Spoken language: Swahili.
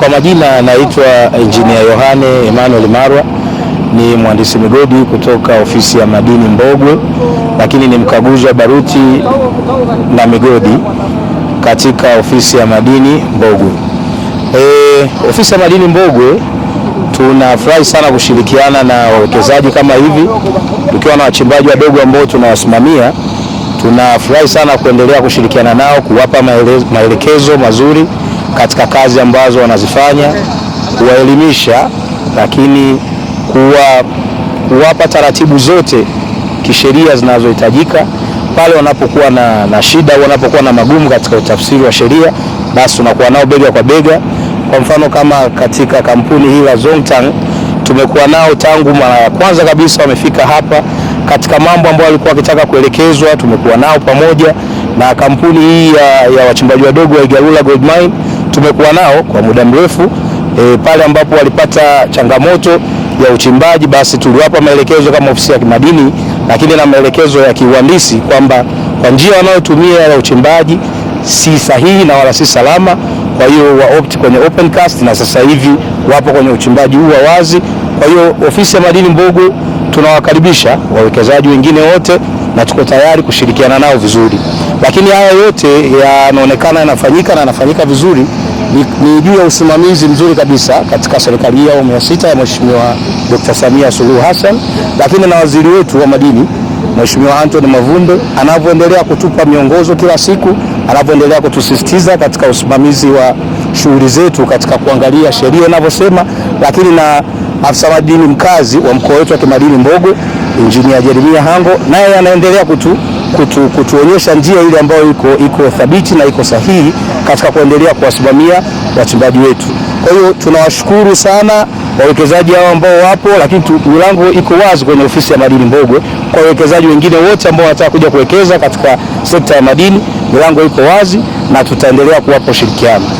Kwa majina naitwa Engineer Yohane Emmanuel Marwa, ni mhandisi migodi kutoka ofisi ya madini Mbogwe, lakini ni mkaguzi wa baruti na migodi katika ofisi ya madini Mbogwe. E, ofisi ya madini Mbogwe tunafurahi sana kushirikiana na wawekezaji kama hivi, tukiwa na wachimbaji wadogo ambao tunawasimamia. Tunafurahi sana kuendelea kushirikiana nao kuwapa maelekezo mazuri katika kazi ambazo wanazifanya, kuwaelimisha, lakini kuwa kuwapa taratibu zote kisheria zinazohitajika pale wanapokuwa na, na shida au wanapokuwa na magumu katika utafsiri wa sheria, basi tunakuwa nao bega kwa bega. Kwa mfano kama katika kampuni hii la Zongtang tumekuwa nao tangu mara ya kwanza kabisa wamefika hapa, katika mambo ambayo walikuwa wakitaka kuelekezwa tumekuwa nao pamoja, na kampuni hii ya, ya wachimbaji wadogo wa Igalula Gold Mine tumekuwa nao kwa muda mrefu e, pale ambapo walipata changamoto ya uchimbaji, basi tuliwapa maelekezo kama ofisi ya kimadini, lakini na maelekezo ya kiuhandisi kwamba kwa njia wanayotumia ya uchimbaji si sahihi na wala si salama. Kwa hiyo wa opt kwenye open cast na sasa hivi wapo kwenye uchimbaji huu wa wazi. Kwa hiyo ofisi ya madini Mbogwe tunawakaribisha wawekezaji wengine wote na tuko tayari kushirikiana nao vizuri, lakini haya yote yanaonekana yanafanyika na yanafanyika vizuri ni, ni juu ya usimamizi mzuri kabisa katika serikali hii ya awamu ya sita ya Mheshimiwa Dr. Samia Suluhu Hassan, lakini na waziri wetu wa madini Mheshimiwa Anthony Mavunde anavyoendelea kutupa miongozo kila siku, anavyoendelea kutusisitiza katika usimamizi wa shughuli zetu katika kuangalia sheria inavyosema, lakini na afisa madini mkazi wa mkoa wetu wa kimadini Mbogwe Injinia Jeremia Hango naye anaendelea kutu, kutu, kutuonyesha njia ile ambayo iko, iko thabiti na iko sahihi katika kuendelea kuwasimamia wachimbaji wetu. Kwa hiyo tunawashukuru sana wawekezaji hao ambao wapo, lakini milango iko wazi kwenye ofisi ya madini Mbogwe kwa wawekezaji wengine wote ambao wanataka kuja kuwekeza katika sekta ya madini, milango iko wazi na tutaendelea kuwapa ushirikiano.